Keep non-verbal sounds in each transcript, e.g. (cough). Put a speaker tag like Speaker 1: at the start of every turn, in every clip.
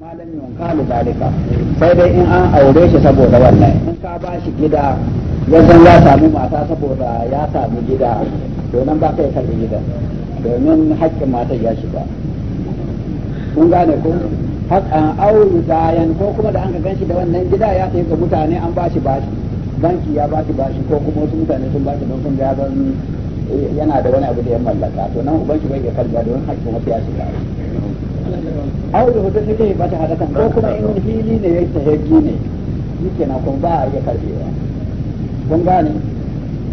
Speaker 1: malam yunkalu zalika sai dai in an aure shi saboda wannan in ka ba shi gida yanzu ya samu mata saboda ya samu gida domin ba ka yi karbi gida. domin haƙƙin mata ya shiga kun gane ko haƙƙan auri bayan ko kuma da an ka ganshi da wannan gida ya tafi ga mutane an ba shi bashi banki ya ba shi bashi ko kuma wasu mutane sun ba shi don sun ga eh, yana da wani abu da ya mallaka to nan uban shi bai iya karbi domin haƙƙin wasu ya shiga aure hudu suke yi bata haɗa kan ko kuma in hili ne ya ta hegi ne yake na kun ba a iya karbewa kun gane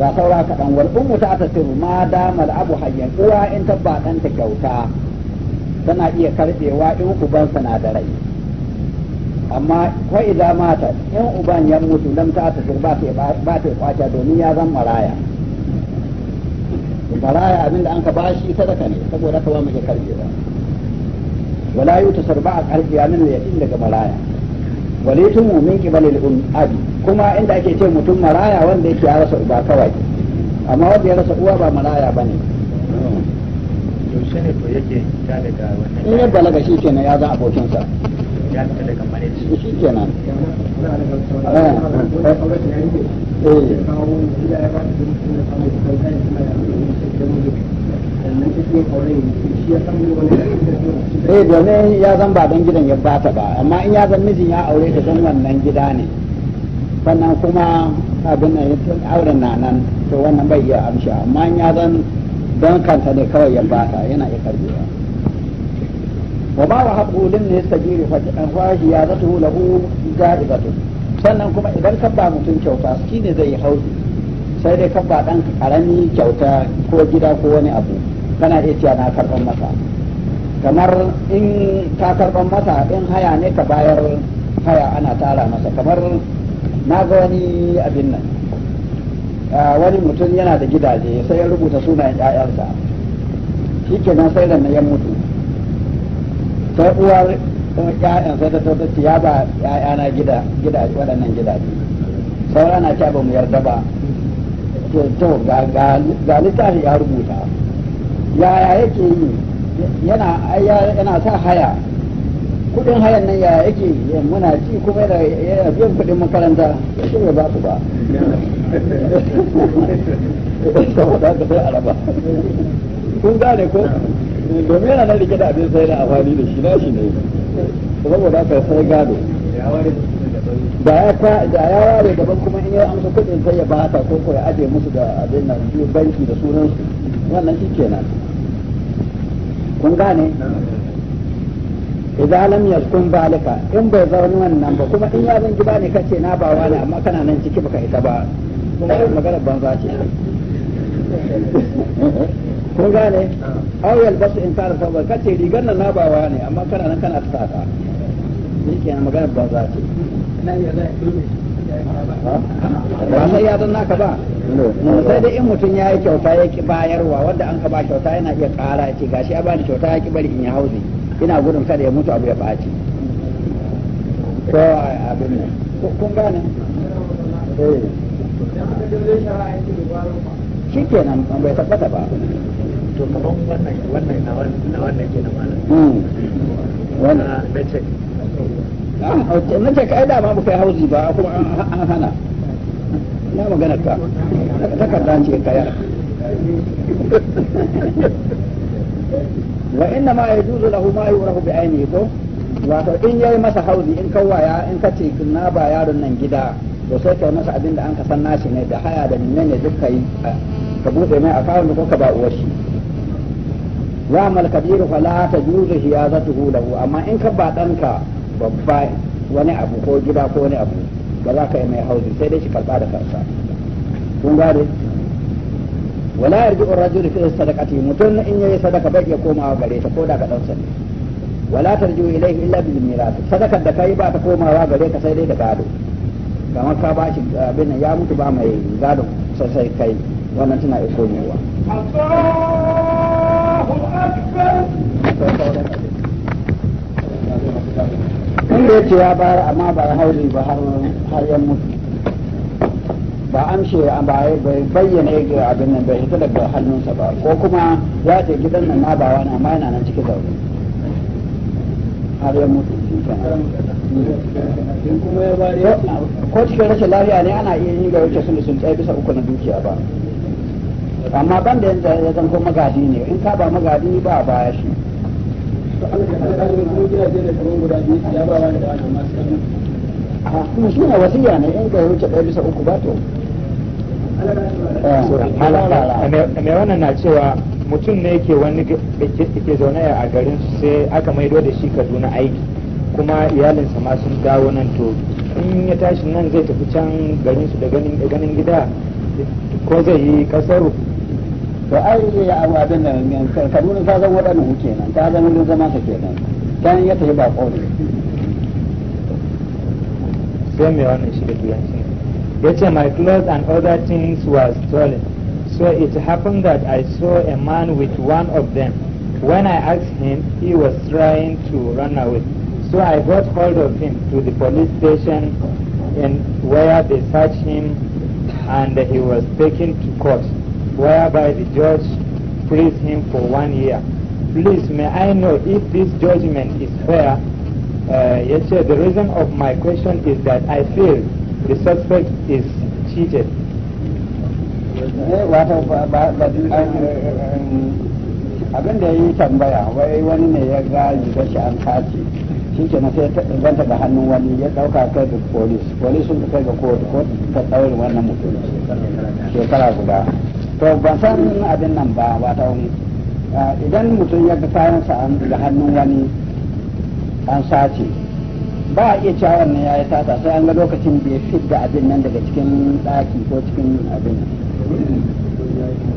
Speaker 1: ga saura kaɗan wal ummu ta tasiru ma damar abu hayyan uwa in tabba ta kyauta tana iya karbewa in uban sana da rai amma ko idan mata in uban ya mutu lam ta tasiru ba ta ba ta kwata domin ya zan maraya maraya abinda an ka bashi sadaka ne saboda kawai ba mu ke karbewa wala yutasar ba a karfi anan ya din daga maraya walitun min qibalil abi kuma inda ake ce mutum maraya wanda yake ya rasa uba kawai amma wanda ya rasa uwa ba maraya bane
Speaker 2: yaushe ne to yake ta daga wannan in balaga shi kenan abokinsa
Speaker 1: eh domin ya zan ba don gidan ya bata ba amma in ya zan mijin ya aure ta don wannan gida ne sannan kuma abin nan auren na nan to wannan bai iya amsha amma in ya zan don kanta ne kawai ya bata yana iya karbewa wa ba wa haɓu din ne sajiri fashi ya zatu lahu jaribatu sannan kuma idan ka ba mutum kyauta shi ne zai yi sai dai ka ba ɗan karami kyauta ko gida ko wani abu kana iya cewa na karɓar masa kamar in ka karban masa in haya ne ka bayar haya ana tara masa kamar na ga wani abin nan wani mutum yana da gidaje sai ya rubuta sunayen ƴaƴansa shi kenan sai da na mutu sai uwar ƴaƴan sai ta tabbata ya ba ƴaƴana gida waɗannan gidaje saura na ba mu yarda ba to ga ga littafi ya rubuta yaya yake yi yana yana sa haya kudin hayan nan yaya yake yi muna ci kuma yana biyan kudin makaranta ya ce ba ku ba kun gane ko domin yana nan rike da abin sai na amfani da shi na shi ne saboda ka sai gado da ya fa da ya ware daban kuma in ya amsa kudin sai ya bata ko ko ya aje musu da abin nan banki da sunansu wannan shi kenan kun gane idan lam yaskun balika in bai zaune wannan ba kuma in ya zan gida ne kace na ba wani amma kana nan ciki baka ita ba kuma magana banza ce kun gane auyal basu in tsara sabar kace rigar nan na ba wani amma kana nan kana tsaka shi kenan magana banza ce
Speaker 3: ba sai ya zan naka ba
Speaker 1: sai dai in mutum ya yi kyauta ya ki bayarwa wadda an ka ba kyauta yana iya kara ce gashi ya bani kyauta ya ki bari in ya hauzi ina gudun kada ya mutu abu ya ɓaci to abin nan kun gane eh.
Speaker 2: shi kenan bai tabbata ba to kaman wannan wannan na wannan kenan malam wannan hmm. na ce
Speaker 1: na ce yi da ba kai hauzi ba kuma an hana na magana ka takarda ce kaya wa inna ma yajuzu lahu ma bi ainihi ko wato in yayi masa hauzi in kawaya in kace na ba yaron nan gida to sai kai masa abin da an ka san nashi ne da haya da ne duk yi ka buɗe mai akawun ko ka ba uwar shi wa mal kabiru fala tajuzu hiyazatuhu lahu amma in ka ba danka babba wani abu ko gida ko wani abu ba za ka yi mai hauzi sai dai shi karɓa da kansa kun gane wala yarji rajul fi sadaqati mutun in yayi sadaka bai ya komawa gare ta ko da ka dan sani wala tarju ilayhi illa bil mirath sadakar da kai ba ta komawa gare ka sai dai da gado kamar ka ba shi abin ya mutu ba mai gado sai kai wannan tana iya wa
Speaker 3: Allahu akbar
Speaker 1: wanda ya ce ya bayar amma ba hauri ba har yan mutu ba amshe ba bai bayyana ga abin nan bai hita daga hannunsa ba ko kuma ya ce gidan nan na ba wani amma yana nan cikin zaune har ya mutu ko cikin rashin lafiya ne ana iya yin ga wuce sun sun tsaye bisa uku na dukiya ba amma ban da yanzu ya zanko magadi ne in ka ba magadi ba a baya shi
Speaker 2: shi wasiya ne in ka wuce ɗaya bisa uku ba to mai wannan na cewa mutum ne ke wani ke zaune a garin sai aka maido da shi kaduna aiki kuma iyalinsa ma sun dawo nan to in ya tashi nan zai tafi can su da ganin gida ko zai yi kasar to ai eh, abu abin
Speaker 1: da eh, kaduna ta zama waɗannan kenan ta zama wurin zama ka kenan ta ya tafi ba ƙauri
Speaker 2: sai mai wannan shi da turanci ya ce my clothes and other things were stolen so it happened that I saw a man with one of them when I asked him he was trying to run away so I got hold of him to the police station and where they searched him and he was taken to court whereby the judge frees him for one year. Please, may I know if this judgment is fair? Uh, yes, sir. The reason of my question is that I feel the suspect is cheated.
Speaker 1: abin da ya yi tambaya wai wani ne ya ga rigar shi an sace shi ke na sai zanta da hannun wani ya dauka kai ga polis polis sun kai ga kotu kotu ta tsaurin wannan mutum shekara guda to ban san abin nan ba wata idan mutum ya ga kayansa an daga hannun wani an sace ba a iya cewa wannan ya yi sai an ga lokacin da ya fit da abin nan daga cikin daki ko cikin abin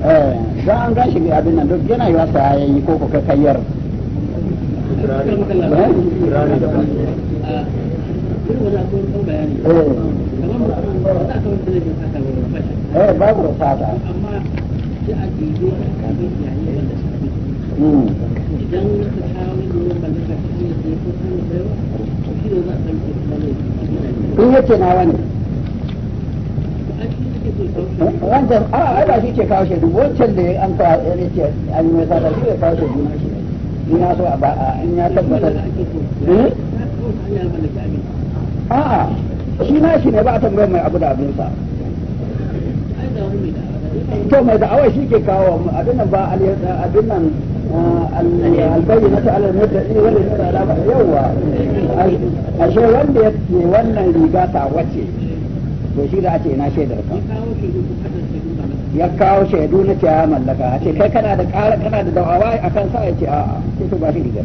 Speaker 1: eh, za an gashi ga abin nan duk yana yiwa sa ya ko kuka kayyar eh a na wani wancan a ba shi ke kawo shaidu wancan da an kawo ya eh, ce an yi mai shi bai kawo shaidu na shi in ya so a ba in ya tabbatar hmm? a'a shi na shi ne ba a tambayar mai abu da abinsa to mai da'awa shi ke kawo abin nan ba abin nan ah, na ta alal mutane wanda ya tsada ba yawa ashe wanda ya ce wannan riga ta wace to shi da a ce na shaidar ka ya kawo shaidu na ce ya mallaka a ce kai kana da kana da a akan sa ya ce a'a sai to ba shi rigar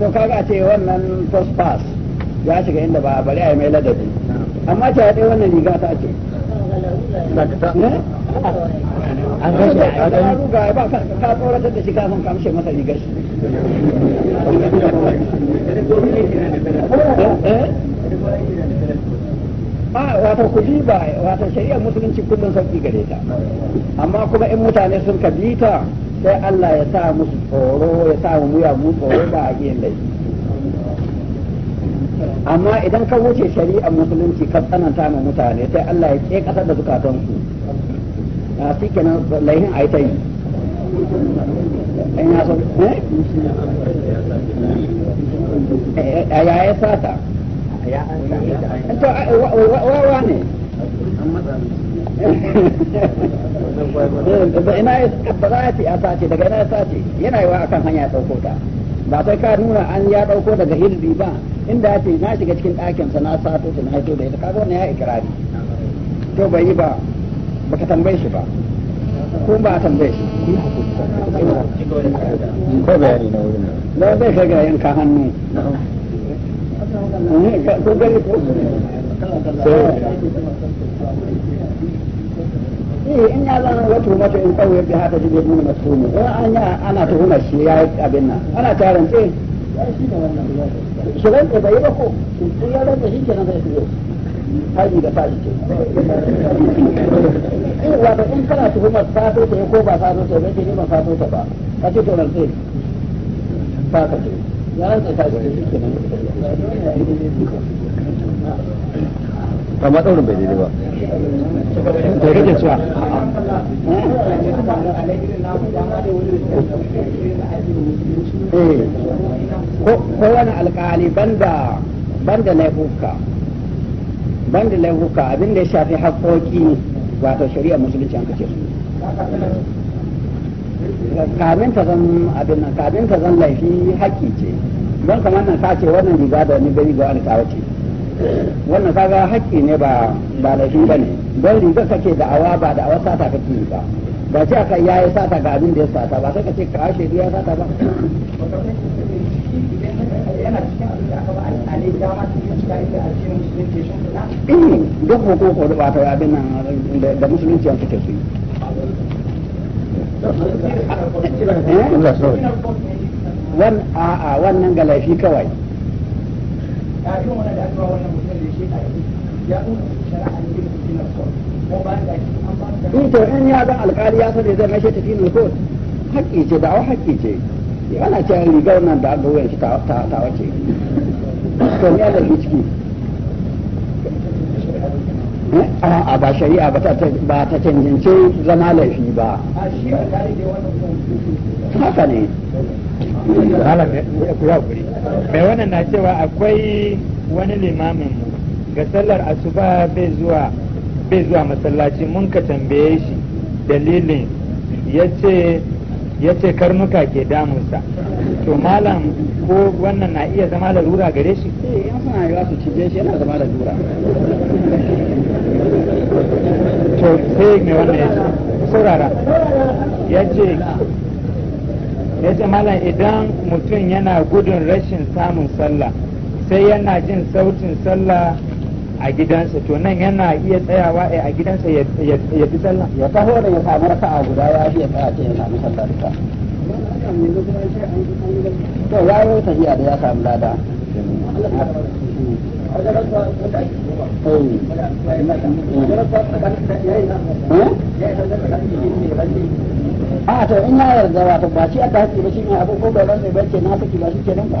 Speaker 1: to kaga a ce wannan first pass ya shiga inda ba bari a yi mai ladabi amma ta haɗe wannan riga ta ce
Speaker 2: eh?
Speaker 1: an gashi a ɗan ruga ba ka tsoratar da shi kafin kamshe masa rigar shi eh? a ah, wata kuɗi ba wata shari'ar musulunci kullum sauƙi gare ta amma kuma in mutane sun kabita sai Allah ya sa musu tsoro ya sa mu ya mu tsoro ba a iya laifi amma idan ka wuce shari'ar musulunci ka tsananta ma mutane sai Allah ya ke kasar da zukatansu a ah, shi kenan laihin a yi ta yi eh? Eh, eh, ya sata to wa ne da ina ya ba za a ce a sace daga ina ya sace yana wa akan hanya ya ɗauko ta ba sai ka nuna an ya ɗauko daga hirbi ba inda ya ce na shiga cikin ɗakinsa na sato ta na haito da ita kaga wannan ya ikirari to bai yi ba baka tambaye shi ba ko ba a tambaye shi ko bayani na wurin nan zai kai yanka hannu ko gani ko eh in ya zama wata mata in tsawayar haka nuna ana shi ya yi abin nan ana tarin ce bai ba ko zama shi kenan zai shigo da fashi ce eh wato in kana tuhumar fato ta ko ba fato ta bai ne ba fato ta ba ka ce ce ya rantsa ta shi amma daurin bai daidai ba da kake cewa eh, ko wani alkali banda banda laifuka banda laifuka abin da ya shafi haƙoƙi wato shari'a musulunci an kace su kamin ta zan abin nan kamin ta zan laifi haƙƙi ce don kamar nan ka ce wannan riga da ni gari ga wani kawo ce wannan kaga haƙƙi ne ba ba shi bane don rigar kake da awa ba da awa sata kake ba ba ce aka yayi sata ga abin da ya sata ba sai ka ce ka ashe ya sata ba eh duk ko da ba ta abin nan da musulunci yanzu ke su yi eh? wannan galafi kawai
Speaker 2: ya da ya ne da ko ko da shi an to in
Speaker 1: ya ga alƙali ya sani zai mashi ko haƙƙi ce da'awa haƙƙi ce ana cewa rigar nan da aka wuyan shi ta wace to ne da ciki a'a ba shari'a ba ta ba ta zama laifi ba haka
Speaker 2: ne mai wannan na cewa akwai wani limamin mu ga sallar asuba bai zuwa bai zuwa masallaci mun ka tambaye shi dalilin ya ce ya ce karnuka ke damunsa to malam ko wannan na iya zama larura gare shi eh yan suna yi su cije shi yana zama larura to sai mai wannan ya ce saurara ya ce ya ce malam idan mutum yana gudun rashin samun sallah sai yana jin sautin sallah a gidansa to nan yana iya tsayawa a gidansa ya fi sallah ya taho da ya samu raka'a guda ya fi tsaya ce ya samu sallah duka
Speaker 1: to ya yi da ya samu lada a to in ya yarda wato ba shi a ta haƙi ba shi ne ba ne ba ce na saki ba shi ke nan ba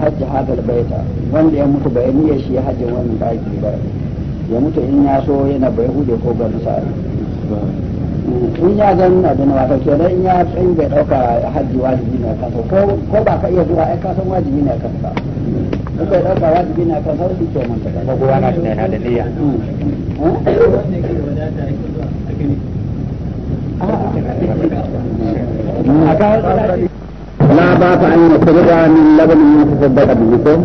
Speaker 1: hajji hadal baita wanda ya mutu bai niyyar shi ya hajji wannan daki ba ya mutu in ya so yana bai hude ko ba misali hmm. in ya zan na abin wata da in ya tsayin bai dauka hajji wajibi na kansa ko ko ba ka iya zuwa ai ka san wajibi na kansa in bai dauka wajibi na kansa su ke mun ta ko kowa na da na da niyya hmm. Hmm. a ka لا باس ان يخرج من لبن يتصدق به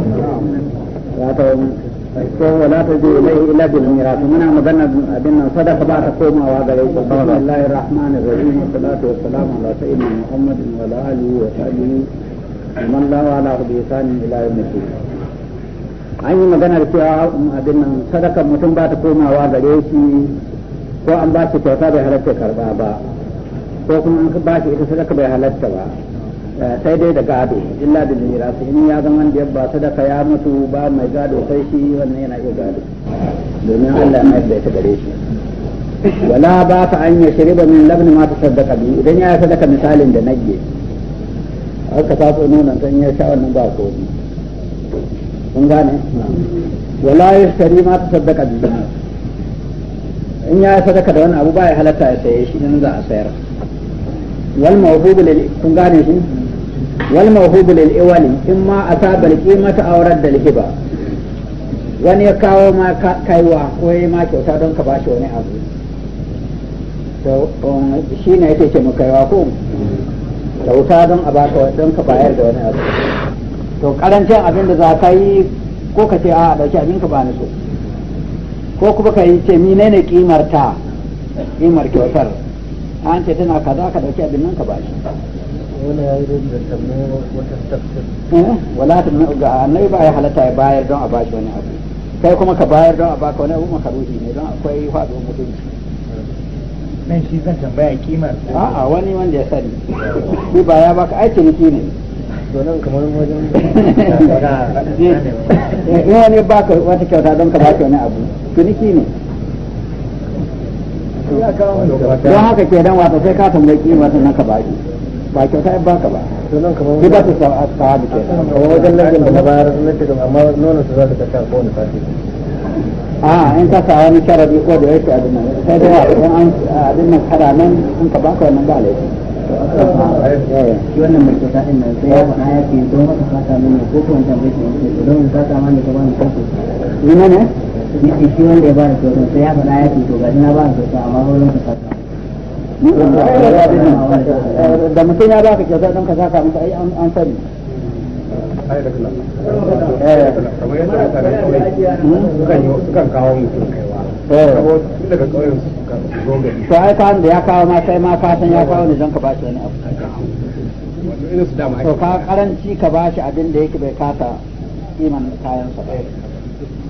Speaker 1: ولا تجي اليه الا بالميراث منها مدن بان صدق بعد قوم وهذا بسم الله الرحمن الرحيم والصلاه والسلام على سيدنا محمد وعلى اله وصحبه ومن لا على بإحسان الى يوم الدين an yi maganar cewa abin nan sadakan mutum ba ta komawa gare shi ko an ba shi kyauta bai halatta karba ba ko kuma an ba shi ita sadaka bai halatta ba Eh, sai dai da gado illa da jira su in ya zama da ba sadaka ya mutu ba mai gado sai shi wannan yana iya gado domin Allah ya mai ta gare shi wala ba ka an ya shirba min labni ma ta sadaka bi idan ya sadaka misalin da nage aka faso nuna kan ya sha wannan ba ni kun gane wala ya shari ma ta sadaka bi in ya sadaka da wani abu ba ya halatta ya saye shi in za a sayar wal mawdu'u lil kun gane shi wal mawhubu lil iwali in ma asaba al qimata aw radda hiba wani ya kawo ma kaiwa ko ya ma kyauta don ka bashi wani abu to um, shi ne yake ce kaiwa ko kyauta don a baka don ka bayar da wani abu to karancin abin da za ka yi ko ka ce a dauki abin ka ba ni so ko kuma ka yi ce mine ne kimar ta kimar kyautar an ce tana kaza ka dauki abin nan ka bashi. ya yi wata eh, wala ta nuna ga annai ba ya halatta ya bayar don a bashi wani abu kai kuma ka bayar don a ba ka wani abu makaruhi ne don akwai faɗo mutunci nan shi zan tambaya kimar a'a wani wanda ya sani shi ba ya baka aiki niki ne donan kamar wajen in
Speaker 3: (laughs)
Speaker 1: eh, wani ba ka wata kyauta don ka baki wani abu tuniki ne
Speaker 2: don
Speaker 1: haka ke dan wata sai ka tambayi kimar sannan ka baki ba kyauta ya baka ba sai ba su da ke wajen nan da bayar na ce amma nono su za su ta a in ka sa ko da yake abin nan sai da idan an nan in ka baka wannan ba shi wannan mai kyauta nan sai ya faɗa ya ce don ko kuma don ba ni kanku ne ne shi wanda ya ba da kyauta sai ya faɗa ya ce to ga na ba da kyauta amma wurin ka da mutum ya baka kyauta don ka saka musu ai an sani
Speaker 3: eh. kawai kawo
Speaker 1: mutum eh. to ai kawon da ya kawo ma sai ma ka ya kawo ne don ka bashi wani abu to ka karanci ka bashi abin da yake bai kasa iman kayan sa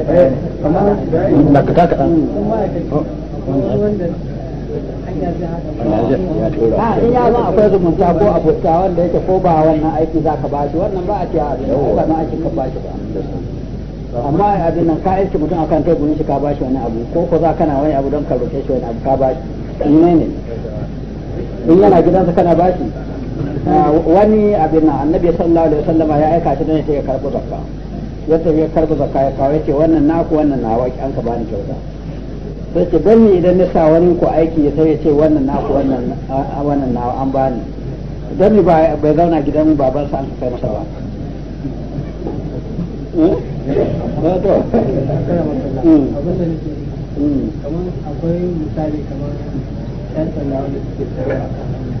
Speaker 3: da ka taka a in ya zan akwai zumunta ko
Speaker 1: abota wanda yake ko ba wannan aiki za ka bashi wannan ba a ce a ba na aiki ka bashi ba amma a nan ka aiki mutum akan teburin shi ka bashi wani abu ko ko za kana wani abu don ka roke shi wani abu ka bashi ne ne
Speaker 3: in yana gidansa
Speaker 1: kana bashi wani abin nan annabi sallallahu alaihi wasallama ya aika shi don ya zakka ya tafi karba zakka ya kawo ce wannan naku wannan nawa ki an ka bani kyauta sai ce don ni idan na sa wani ku aiki ya sai ya ce wannan naku wannan wannan nawa an bani don ni bai zauna gidan baban sa an ka kai masa ba
Speaker 3: hmm? eh, hmm. Hmm. kamar akwai misali kamar yan sanda wanda suke tsaye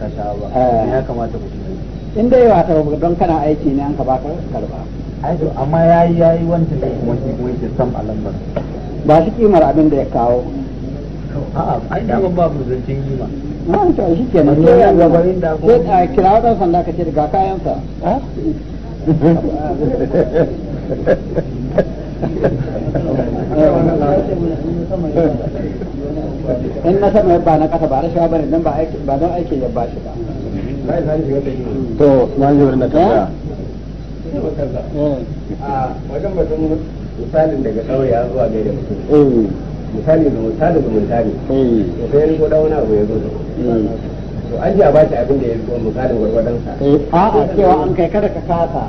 Speaker 1: rashawa ba eh, ya kamata ku in dai wata don kana aiki ne an ka baka karba aiki amma yayi yayi wancan da kuma shi kuma shi sam alambar ba shi kimar abin da ya
Speaker 2: kawo a'a ai da ba mu zancin kima
Speaker 1: na to shi ke sai ya gaba inda ko sai kira wata sanda ka ce daga kayansa. (laughs) (laughs) (laughs) in na sama yabba na kasa ba rashawa bane dan ba aiki ba don aiki yabba shi ba to na ji wurin da ta eh? eh. a wajen batun misalin daga sauya zuwa gaida mutum eh. misali da misali da misali to sai yanzu da wani abu ya zo to an ji a bashi abin da ya zo misalin gwargwadon sa a cewa an kai kada ka kasa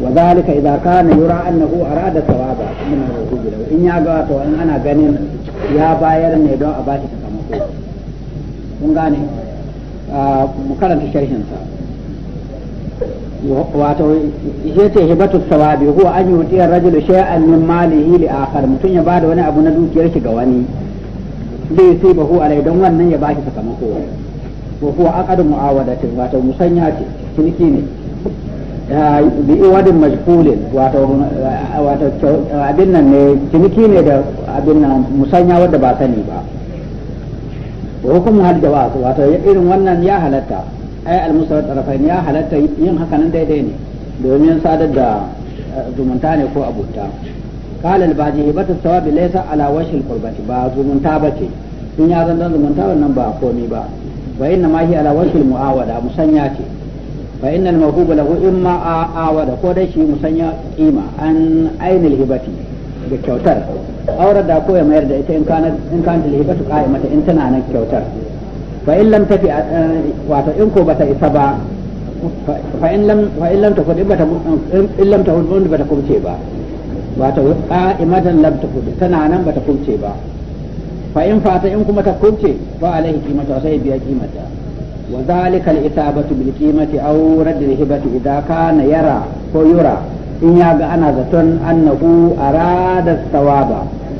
Speaker 1: وذلك إذا كان يرى أنه أراد ثوابا من الوجود له إن يقعت وإن أنا غنين يا باير ne don a bashi sakamako kun gane mu karanta sharhin sa wato shi ce hibatu sawabi huwa an yuti ar-rajulu shay'an min malihi li akhar mutun ya bada wani abu na dukiyar shi ga wani zai sai bahu alai don wannan ya bashi sakamako wa huwa aqadu mu'awadatin wato musanya ce ciniki ne bi iwadin mashkulin wato abin nan ne ciniki ne da abin nan musanya wadda ba sani ba hukumar hukumu hal wato irin wannan ya halatta ai al musawat tarafain ya halatta yin haka nan daidai ne domin sadar da eh, zumunta ne ko abuta qala al baji hibatu sawabi laysa ala washi al qurbati ba zumunta bace in ya zan zumunta wannan ba komai ba wa inna ma hi ala washi al muawada musanya ce fa innal mawqub lahu imma awada ko dai shi musanya kima an ainil hibati da kyautar aurar da ko ya mayar da ita in kana in kana hibatu qa'imata in tana nan kyautar fa in lam tafi eh, wato in ko bata isa ba fa in lam fa in lam tafi bata in lam tafi bata kumce ba wato qa'imatan lam tafi tana nan bata kumce ba fa in fata in kuma ta kumce fa alaihi qimata sai biya qimata وذلك الإثابة بالقيمة أو رد الهبة إذا كان يرى أو يرى إن أنا أنه أراد الثواب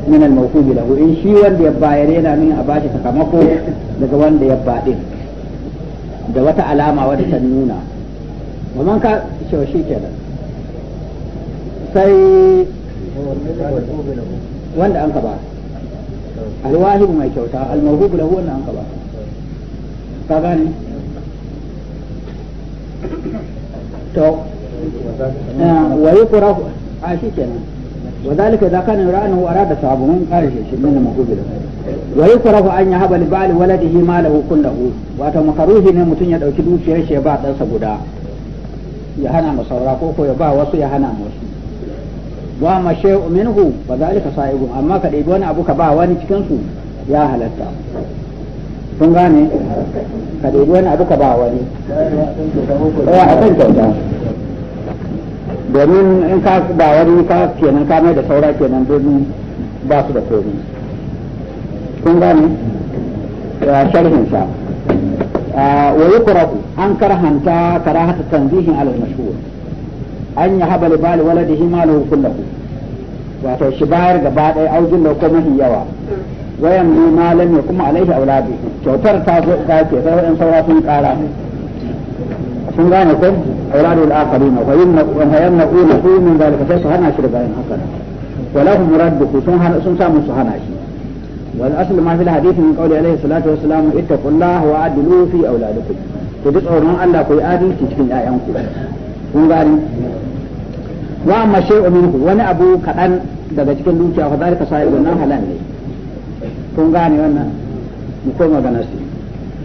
Speaker 1: من له إن يرينا من أباشي ya baɗin da wata alama wadda ta nuna waman ka shi kenan sai wanda an ka ba ka gane to eh, wa yukra a shi kenan وذلك إذا كان يرى أنه أراد ثوابه من قال شيء من المقبول ويكره أن يهب لبعل ولده ماله كله واتو مكروه ne mutum ya dauki dukiyar shi ya ba ɗansa guda ya hana ko ko wasu ya hana wa ma shay'u minhu fa amma kaɗai ɗebi wani abu ka ba wani cikinsu ya halatta sun gane ka daidai wani abu ka ba wani yawa a kan kyauta domin in ka ba wani ka kenan ka mai da saura kenan domin ba su da komi kun gane ya sharhin sa wa yukrahu an karhanta karahata tanzihin alal mashhur an yi haba libali waladihi malahu kullahu wato shi bayar gaba ɗaya aujin da ko yawa ويملي ما لم يقم عليه اولاده شوتر تازو كاكي فهو ان صوات قالا شن غانكم اولاد الاخرين وهين نقول نقول من ذلك فيش ان شربا ولهم رد خصوصا سن سامو سهنا والاصل ما في الحديث من قول عليه الصلاه والسلام اتقوا الله وعدلوا في اولادكم تدق اورون ان لا كوي ادي تشكين ايامكم شن غاني واما شيء منه وانا ابو كان daga cikin dukiya ku zalika sa'idun nan halal ne kun gane wannan mu koma ga nasi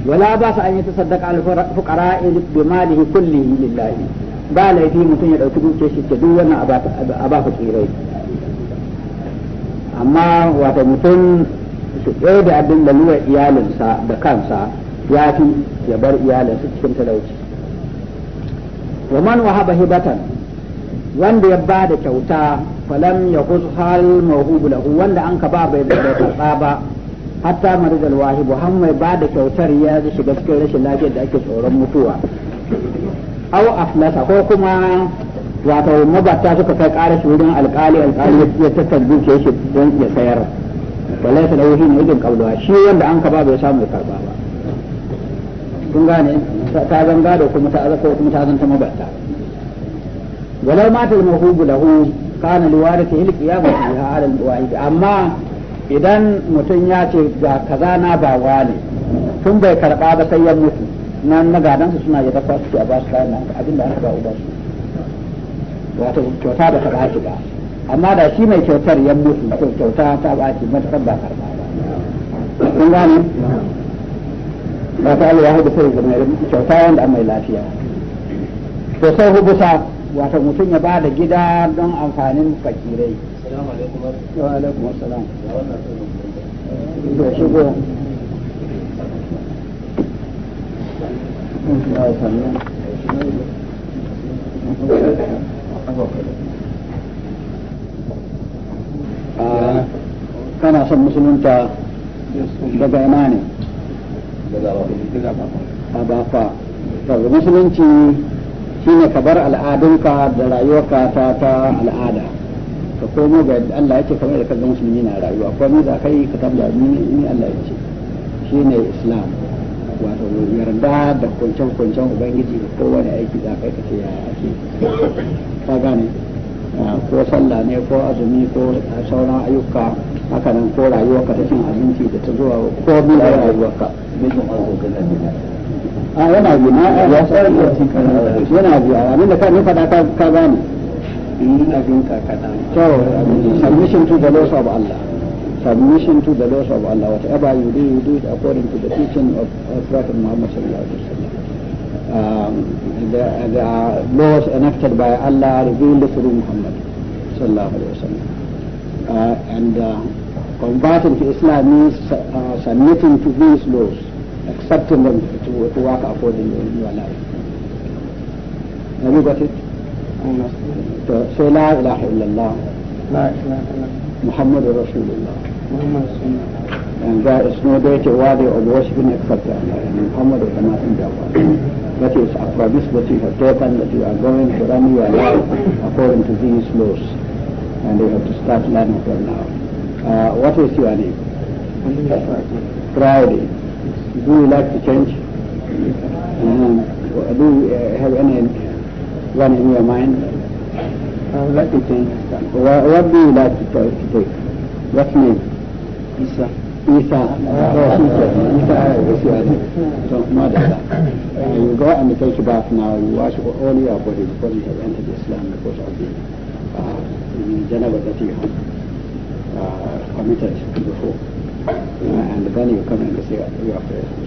Speaker 1: wala ba su an yi tasaddaqa al fuqara bi malihi kullihi lillahi ba laifi mutum ya dauki dukiyar shi ta duk wannan a ba fakirai amma wata mutum su ɗaya da abin da lura iyalinsa da kansa ya fi ya bar iyalinsa cikin talauci wa man wahaba hibatan wanda ya bada kyauta falam ya hal mahubu lahu wanda an ka ba bai da tsaba. ba hatta maridal wahibu han mai ba da kyautar ya shiga cikin rashin lafiyar da ake tsoron mutuwa au aflasa ko kuma wato mabata suka kai ƙara shi wurin alƙali alƙali ya tattar dukiya shi don ya sayar wallahi da wuhi ne idin kaulawa shi wanda an ka ba bai samu ya karba ba kun gane ta zanga da kuma ta azaka kuma ta zanta mabata walau matal mahubu lahu kana liwarati hil qiyamati ala al-wahid amma idan mutum ya ce ga kaza na ba ne tun bai karba ba sai ya mutu nan magadansu suna yi dafa su a ba su kayan abin da aka ba uba su wato kyauta da ta baki ba amma da shi mai kyautar ya mutu kyauta ta baki matakar ba karba ba kun gane ba ta alwa hudu sai mai kyauta wanda mai lafiya to sai hubusa wato mutum ya ba da gida don amfanin fakirai wa alaikum assalam da shigo kana son musulunta daga ina ne a bafa musulunci shine ka bar al'adunka da rayuwarka ta ta al'ada ka komo ga Allah yake kamar da kanga musulmi na rayuwa komai da kai ka tabbata ni ni Allah yake ne islam wato yarda da kwancen kwancen ubangiji ga kowane aiki da kai kace ya ake ka gane ah, ko sallah ne ko azumi ko sauran ayyuka haka nan ko rayuwa ta cin abinci da ta zuwa ko bi da rayuwarka a ah, yana bi na ya yana bi abinda ka nufa da ka gane So, submission to the laws of Allah submission to the laws of Allah whatever you do you do it according to the teaching of, of Prophet Muhammad sallallahu alaihi wasallam um, there are laws enacted by Allah revealed through Muhammad sallallahu alaihi wasallam uh, and uh, converting to Islam means uh, submitting to these laws accepting them to, to work accordingly in your life have you got it sai la ilaha illallah muhammadu rasulullah yanzu ga isno da yake wade of worshiping except Allah muhammadu kama in da That is a promise that you have taken that you are going to run your life according to these laws and you have to start learning from now. Uh, what is your name? Friday. Do you like to change? Uh, do you have any one in your mind. Uh, what do think? What, what do you like to take? To take? What name? Isa. Isa. Oh, Isa. Isa. So, mother. Uh, you go and take a bath now. You wash all your body before you have entered Islam because of the uh, Janaba that you have uh, committed before. Uh, and then you come and you say your prayers.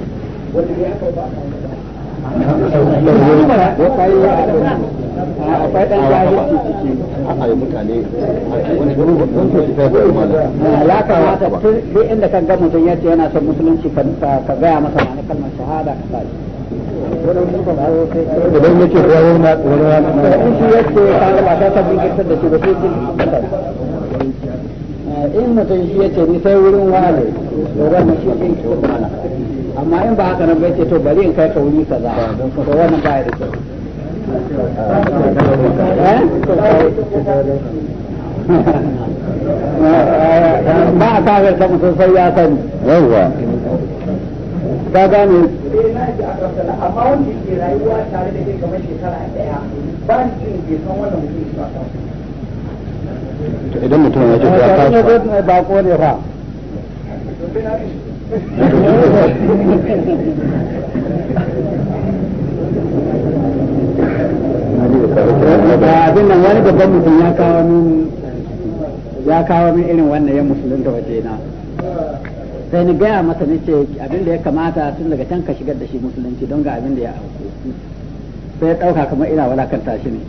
Speaker 1: akwai ɗan
Speaker 2: mutane ya kamata duk
Speaker 1: inda kan ga mutum ya yana son musulunci ka gaya masa wani kalmar shahada ka yake na shi ba ta da shi sai in mutum shi ni sai wurin to shi yake amma in ba haka nan bai ce to bari in kai ka wuri kaza to wani ba ya da kyau ba a kafin ta musu sai ya sani yawwa ka gane
Speaker 2: amma wanda ke rayuwa tare da kai kamar shekara daya ba ni cin bai san wannan mutum ba idan mutum ya ce
Speaker 1: ba ko ne ba.
Speaker 3: abin
Speaker 1: nan wani babban mutum ya kawo min ya kawo min irin wannan ya musulun da waje na sai ni gaya masa ni ce abin da ya kamata tun daga can ka shigar da shi musulunci don ga abin da ya auku sai ya ɗauka kamar ina walakanta shi ne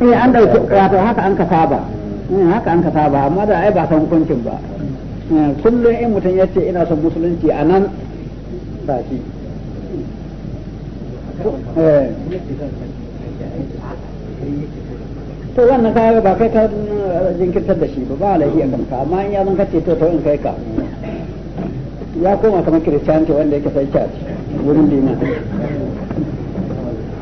Speaker 3: eh an dauki wato
Speaker 1: haka an ka saba eh, haka an ka saba amma da ai ba san hukuncin ba eh, kullum in mutum ya ce ina son musulunci a nan ba shi eh. to wannan kaya ba kai ka jinkirtar da shi ba ba laifi a kanka amma in ya zan kace to to in kai ka ya koma kamar kiristanci wanda yake sai church wurin dina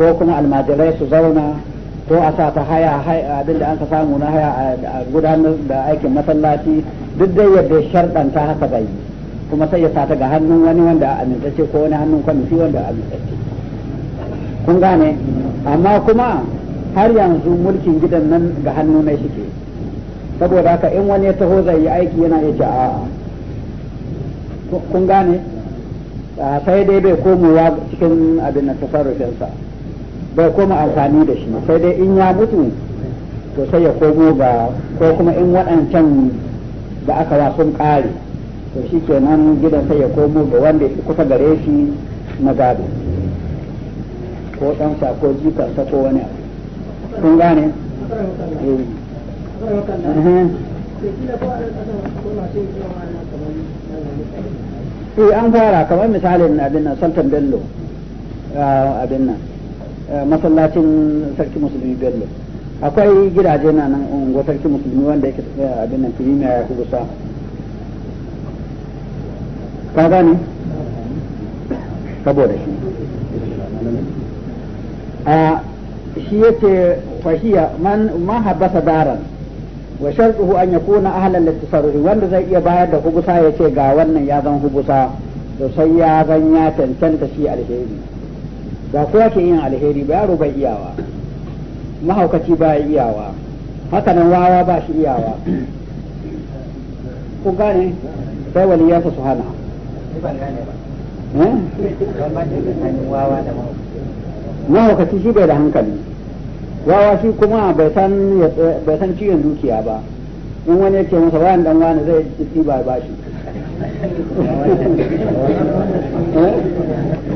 Speaker 1: ko kuma almajirai su zauna ko a sa ta haya abin da an ka samu na haya a gudanar da aikin masallaci duk dai yadda sharɗanta haka bai yi kuma sai ya sa ta ga hannun wani wanda a amintacce ko wani hannun kwamiti wanda a amintacce kun gane amma kuma har yanzu mulkin gidan nan ga hannu na shike saboda haka in wani ya taho zai yi aiki yana iya ce a kun gane sai dai bai komowa cikin abin da sa. bai koma amfani da shi sai dai in ya mutu to sai ya komo ga ko kuma in waɗancan da aka wa sun ƙare to shi nan gidan sai ya komo ga wanda ya kusa gare shi na gado ko ɗan ko jikarsa ko wani abu kun gane? Eh. eh an fara kamar misalin abin nan saltan bello ah, abin nan masallacin sarki musulmi bello akwai gidaje na nan unguwar sarki musulmi wanda yake eh, abin nan mai ya kubusa ka gane saboda shi a shi yake fahiya man ma habasa daran wa shartuhu an yakuna ahlan litasarrufi wanda zai iya bayar da hubusa yace ga wannan ya zan hubusa to sai ya zan ya tantanta shi alheri ba kowa ke yin alheri ba yaro bai iyawa mahaukaci ba ya iyawa haka nan wawa ba shi iyawa ku gane sai waliyansa su hana eh? mahaukaci shi bai da hankali wawa shi kuma bai san ciyon dukiya ba in wani yake ce masa wayan dan wani zai ci ba ba shi (laughs) eh?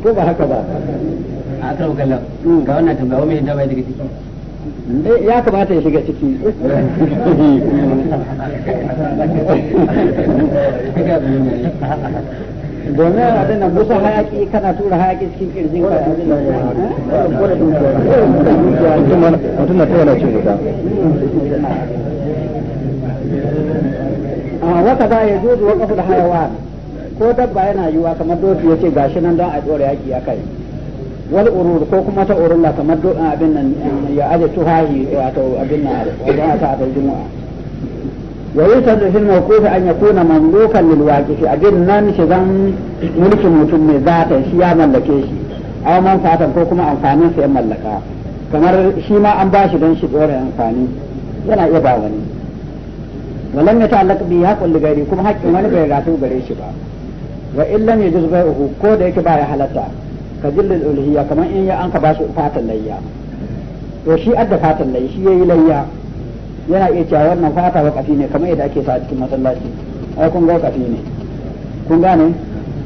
Speaker 1: ko ba haka ba a kan kallon hmm. ga wannan tambaya mai da bai daga ciki eh, ya kamata ya shiga ciki
Speaker 3: (laughs) domin abin nan hayaki
Speaker 1: kana tura hayaki cikin kirjin ka mutum na tawala ce guda
Speaker 3: وكذا يجوز وقف الحيوان
Speaker 1: ko dabba yana yiwa kamar doki ya ce gashi nan don a ɗora yaƙi ya kai wani ururu ko kuma ta urulla kamar dokin abin nan ya aje tuhahi wato abin nan wajen a ta'atar juma'a wa yi ta zafin mawkufi an ya kuna mamlukan lil shi abin nan shi zan mulkin mutum ne zata shi ya mallake shi aw man fatan ko kuma amfanin sa ya mallaka kamar shi ma an bashi don shi ɗora amfani yana iya ba wani walam ya ta'allaka bi haqqin gari kuma haƙƙin wani bai rasu gare shi ba wa illam yajuz uku ko da yake ya halatta ka jillil ulhiya kamar in ya an ka su fatan layya to shi adda fatan layya shi yayi layya yana iya cewa wannan fata kafi ne kamar yadda ake sa cikin masallaci ai kun ga kafi ne kun gane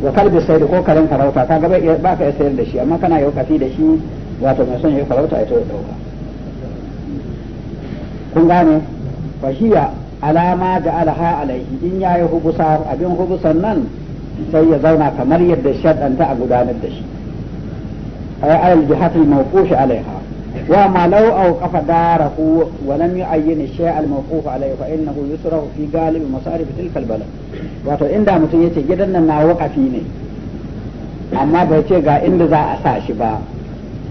Speaker 1: wa kalbi sai ko karen farauta ka ga ba ka sayar da shi amma kana yi kafi da shi wato mai son ya farauta ita ya dauka kun gane ya alama da alaha alaihi in yayi hubusa abin hubusan nan sai ya zauna kamar yadda shaɗanta a gudanar da shi ay alal jihatil mawqush alaiha wa ma law aw qafa darahu wa lam yu'ayyin shay al mawquf alaihi fa innahu yusrahu fi galib masarif tilka al balad wato inda mutum ce gidan nan na waqafi ne amma bai ce ga inda za a sa shi ba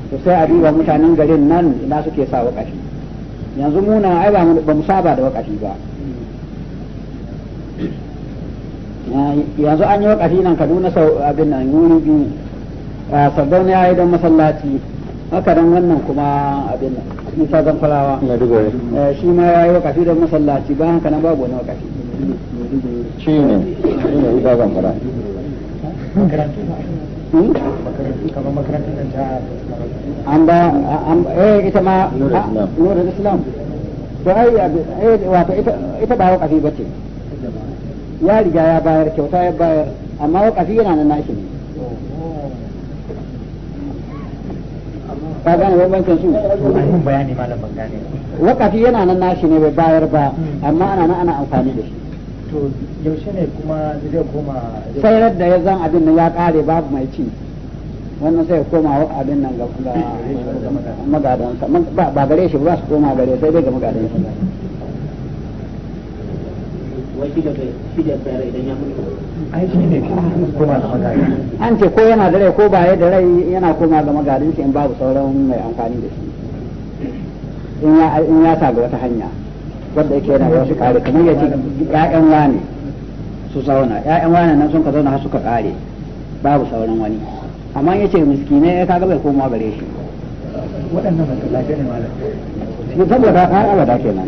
Speaker 1: to sai a duba mutanen garin nan ina suke sa waqafi yanzu muna ai ba mu saba da waqafi ba Eh, yanzu an yi wakafi nan kaduna sau abin nan yuri biyu eh, sardauna ya yi don masallaci haka nan wannan kuma abin nan isa zan falawa shi ma ya yi wakafi don masallaci ba haka nan babu wani wakafi
Speaker 3: shi ne shi ne isa zan falawa
Speaker 2: an ba eh ita ma nurul islam to ai eh, wato
Speaker 1: ita ba wakafi bace ya riga ya bayar kyauta ya bayar amma wakafi yana nan nashi ne
Speaker 3: ka gane bambancin
Speaker 1: su bayani wakafi yana nan nashi ne bai bayar ba hmm.
Speaker 2: amma ana nan ana amfani da shi to yaushe ne kuma zai koma sai
Speaker 1: da ya zan abin nan ya kare babu mai ci wannan sai koma wa abin nan ga (laughs) magadansa ba gare shi ba su koma gare sai dai ga magadansa an ce ko yana da rai ko ba da rai yana koma ga magarin shi in babu sauran mai amfani da shi in ya sa ga wata hanya wadda yake yana da wasu kare kamar ya ce ƴaƴan wane su zauna ƴaƴan wane nan sun ka zauna har suka kare babu sauran wani amma ya ce miskinai ya kaga bai koma gare shi
Speaker 2: waɗannan lafiya ne malam saboda har abada kenan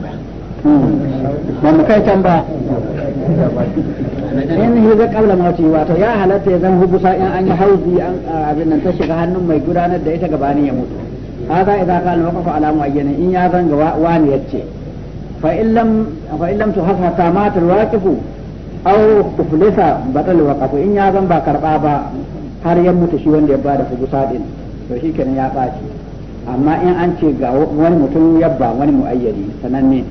Speaker 1: ba hmm. mu kai can ba in hiza kabla mawuci wato ya halatta ya zan hubusa in an yi hauzi an abin nan ta shiga hannun mai gudanar da ita ni ya mutu haza idan ka alwaqafu alamu ayyana in ya zanga wani yace fa in lam fa ta lam tuhaffa au alwaqifu batal waqafu in ya zan ba karɓa ba har ya mutu shi wanda ya bada hubusa din to kenan ya ɓaci amma in an ce ga wani mutum yabba wani muayyadi sananne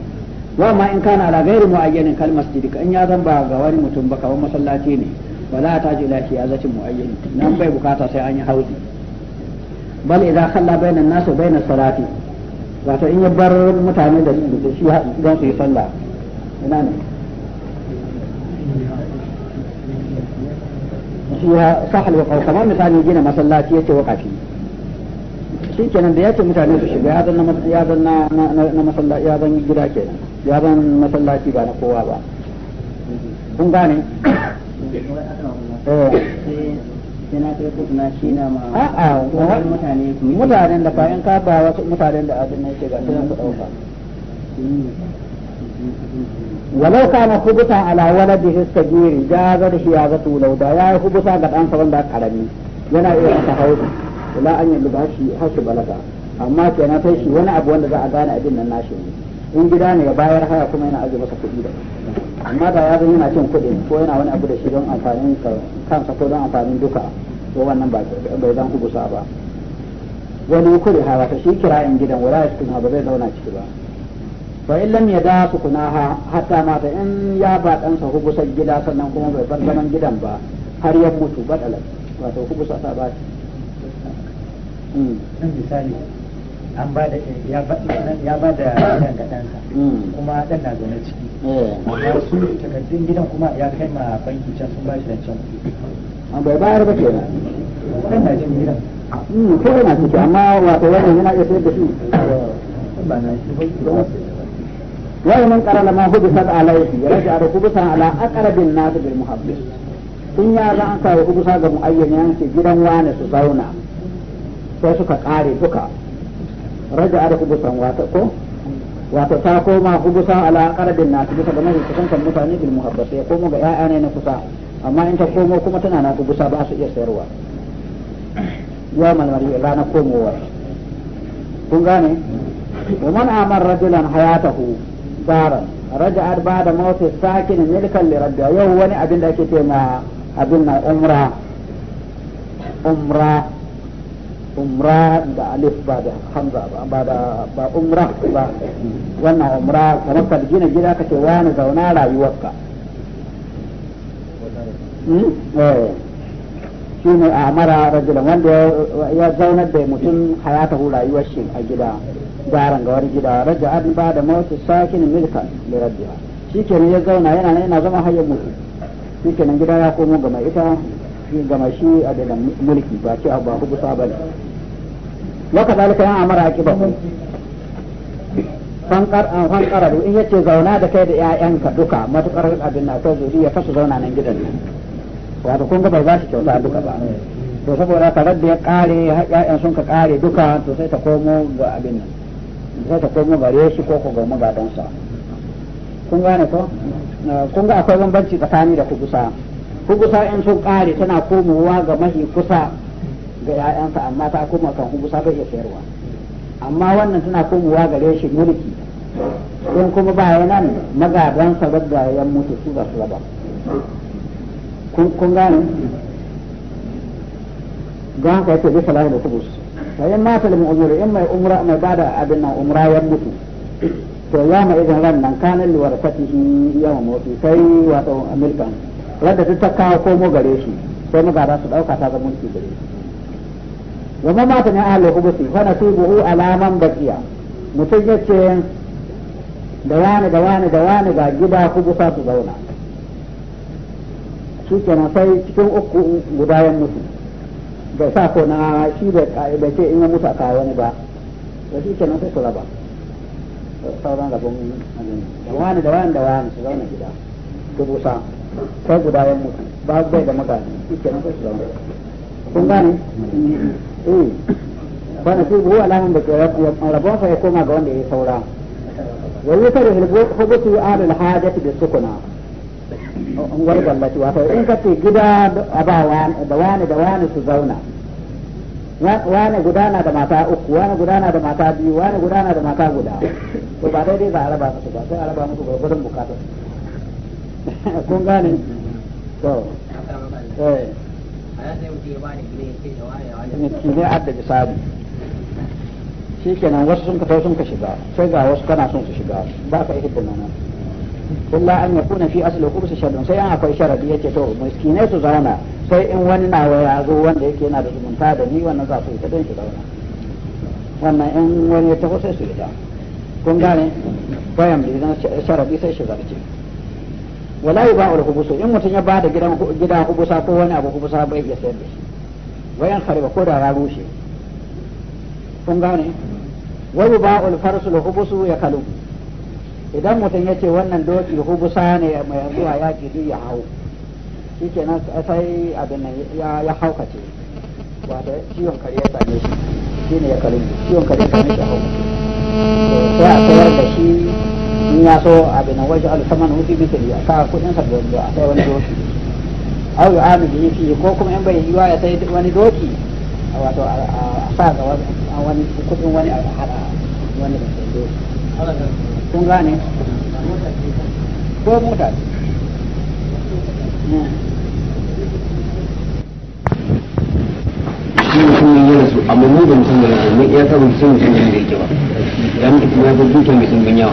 Speaker 1: wa ma in kana ala ghairi mu'ayyanin kal masjid in ya zan ba ga wani mutum ba kawai masallaci ne wala ta ji lafi ya zaci mu'ayyani nan bai bukata sai an yi hauzi bal idan khalla bainan nasu wa bainas salati wato in ya bar mutane da shi don su yi sallah ina ne shi ya sahal wa qaw kamar misali gina masallaci yace shi kenan da yace mutane su shiga ya zanna ya zanna na masallaci ya zanna gida kenan ya ban masallaci ba na kowa ba kun gane eh. a'a mutanen da bayan ka ba wasu mutanen da abin nan ke ga sun ku dauka walau kana hubuta ala waladihi sagiri jaza da shi ya zato lauda da yi hubuta ga ɗan saban da karami yana iya masa hausa ila an yi lubashi har shi balaga amma kenan sai shi wani abu wanda za a gane abin nan nashi ne in gida ne ya bayar haya kuma yana ajiye masa kuɗi da amma da ya zama yana cin kuɗi ko yana wani abu da shi don amfanin kansa ko don amfanin duka ko wannan bai zan sa ba wani kuɗi hawa ta shi kira in gidan wala shi kuma ba zai zauna ciki ba fa in lam yada su kuna ha hatta mata in ya ba ɗansa kugusa gida sannan kuma bai bar zaman gidan ba har ya mutu badala wato kugusa ta ba shi.
Speaker 2: Hmm. an ba da ya ba da gidan ga ɗansa hmm. kuma ɗan na zaune ciki eh. amma su takardun gidan kuma ya kai ma banki can sun ba shi rancen an ah, bai bayar ba kenan ɗan na cikin gidan hmm, ko yana ciki amma wato wannan
Speaker 1: yana iya sayar da shi ba na shi ba
Speaker 2: ومن قال لما حدثت عليه رجع
Speaker 1: ركوبها على أقرب الناس بالمحبس in ya za an kawo kusa ga mu ayyana yanke gidan wane su zauna sai suka kare duka raja da kubusan wata ko wato ta koma kubusa ala qarabin na bisa ga mafi kusantar mutane bil muhabbati ya komo ga ƴaƴa ne na kusa amma in ta komo kuma tana na kubusa ba su iya sayarwa ya malmari ranar komowar kun gane wa man amar rajulan hayatahu daran ba da mawti sakin milkan li rabbi yau wani abin da ake ce ma abin na umra umra umra da alif ba da hamza ba da ba umra ba wannan umra kamar ka gina gida kace wani zauna rayuwarka hmm? eh. shi ne a mara rajulan wanda ya zauna da mutum hayata hayatahu rayuwar shi a gida gyaran gawar gida raja an ba da mawata sakin milkan da rajiya shi kenan ya zauna yana yana zama hayar mutu shi kenan gida ya komo ga mai ita gama shi a daga mulki ba ce ba ku kusa ba ne waka zalika yan amara aki ba fankar an fankar in yace zauna da kai da ƴaƴanka duka matukar abin na kai zuriya ka su zauna nan gidan nan wato kun ga bai za su kyauta duka ba to saboda ka da ya kare ƴaƴan sun ka kare duka to sai ta komo ga abin nan sai ta komo gare shi ko ko ga magadansa kun gane ko kun ga akwai bambanci tsakani da gusa kusa in sun kare tana komowa ga mahi kusa ga ‘ya'yansa amma ta koma kan hubusa bai iya sayarwa amma wannan tana komowa gare shi mulki in kuma baya nan magadansa da ya mutu su za su raba kun gane ga haka yake bisa lahar da tubus to in mata limin umuru in mai umra mai bada abin nan umra ya mutu to ya ma idan ran nan kanin liwar fatihi yawan motsi sai wato amirkan wadda duk ta kawo komo gare shi sai magada su ɗauka ta zama mulki gare shi wa ma mata ne ahlul hubusi fa nasibuhu alaman baqiya mutum yace da wani da wani da wani ga gida hubusa su zauna shi kenan sai cikin uku guda yan mutu sa ko na shi bai ce in ya mutu a kawo wani ba da shi kenan sai su raba sauran rabon da wani da wani da wani su zauna gida hubusa sai guda ya mutu ba bai da magani yake nan sai su zama kun gane eh ba na tubu alamun da ke rabon fa ya koma ga wanda ya saura wa yi tare hubutu alal hajati bi sukuna wani gwamnati wato in ka ce gida a ba da wani da wani su zauna wani gudana da mata uku wani gudana da mata biyu wani gudana da mata guda to ba daidai ba a raba musu ba sai a raba musu gwargwadon bukatar (laughs) kun gane to eh
Speaker 3: ne adda bisabu
Speaker 1: shi kenan wasu sun fito sun ka shiga sai ga wasu kana sun su shiga ba ka yi hidda nan kulla an ya kuna fi asli khubus shaddan sai an akwai sharadi yace to miskinai su zauna sai in wani na waya zo wanda yake yana da zumunta da ni wannan za su yi ta don shi zauna wannan in wani ya taho sai su yi ta kun gane bayan bi dan sharadi sai shi zarce wala yi ba'ul hubusu in mutum ya bada gidan gida hubusa ko wani abu hubusa bai iya sayar da shi wayan ba ko da ya rushe kun gane wayu ba'ul farsul hubusu ya kalu idan mutum ya ce wannan doki hubusa ne mai zuwa yaki duk ya hau shikenan sai abin nan ya ya haukace wato ciwon kare ya same shi shine ya kalu ciwon kare ya same shi hau sai a sayar da shi in ya so abin nan waje alfaman wuti misali a sa kudin sa da a sai wani doki au ya amin ko kuma in bai yiwa sai wani doki wato a sa ga wani kudin wani al'ada wani da sai doki kun gane ko mota shi mutum ya rasu amma mu da mutum ya rasu mutum da ba mutum ya zo mutum ban yawa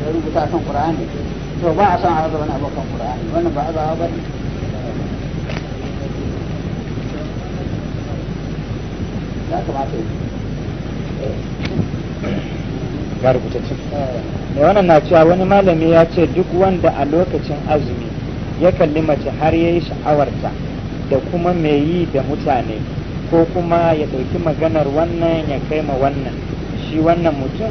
Speaker 1: ya rubuta kan Qur'ani to ba a san a wani abokan Qur'ani wannan ba azawa ba ya kamata
Speaker 2: ya rubuta ci mai wannan na cewa wani malami ya ce duk wanda a lokacin azumi ya kalli mace har ya yi sha'awarta da kuma mai yi da mutane ko kuma ya ɗauki maganar wannan ya kai ma wannan shi wannan mutum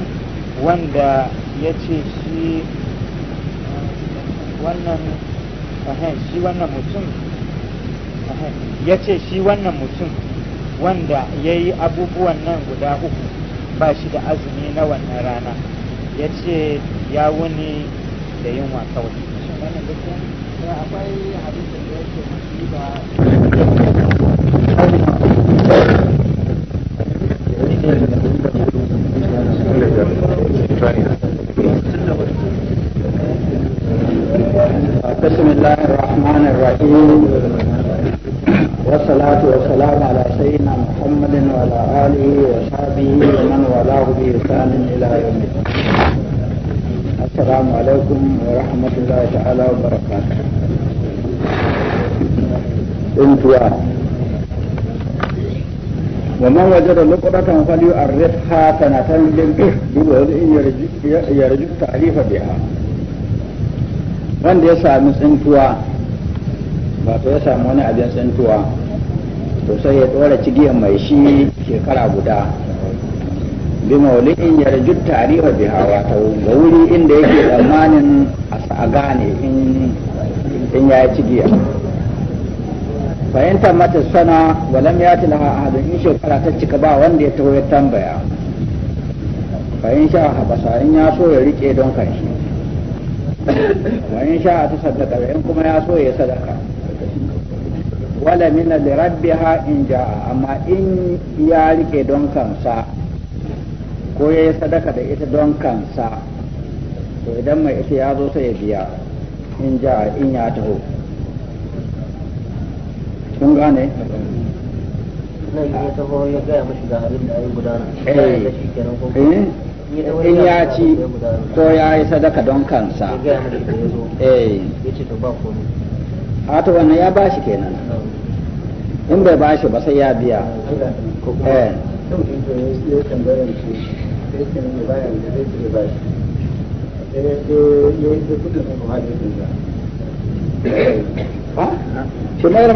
Speaker 2: wanda ya ce shi wannan shi wannan mutum ya ce shi wannan mutum wanda ya yi abubuwan nan guda uku ba shi da azumi na wannan rana ya ce ya wuni da yunwa kawai akwai hadisin
Speaker 3: da yake ba
Speaker 1: بإحسان إلى يوم الدين السلام عليكم ورحمة الله تعالى وبركاته انتوا ومن وجد لقطة فليؤرخها سنة بالإحد يرجو التعريف بها wanda ya sami tsintuwa wato ya sami wani abin tsintuwa to sai ya ɗora cigiyar mai shi shekara guda bi maulidin yarju tariwa biha wato ga wuri inda yake tsammanin a gane in ya ci giya fahimtar mata sana walam ya a hadin in shekara ta cika ba wanda ya taho ya tambaya fahim sha a habasa in ya so ya rike don kanshi fahim in sha ta sadaka in kuma ya so ya sadaka wala min lirabbiha in ja'a amma in ya rike don kansa ko ya yi sadaka da ita don kansa to idan mai ita ya zo sai ya biya in ja in ya taho kun gane eh. eh. in ya ci ko ya yi sadaka don kansa eh. a ta wannan ya bashi kenan in bai shi ba sai ya biya eh
Speaker 3: aikin da bayan da zai
Speaker 1: yi kudin ha? (laughs) a'a shi mayar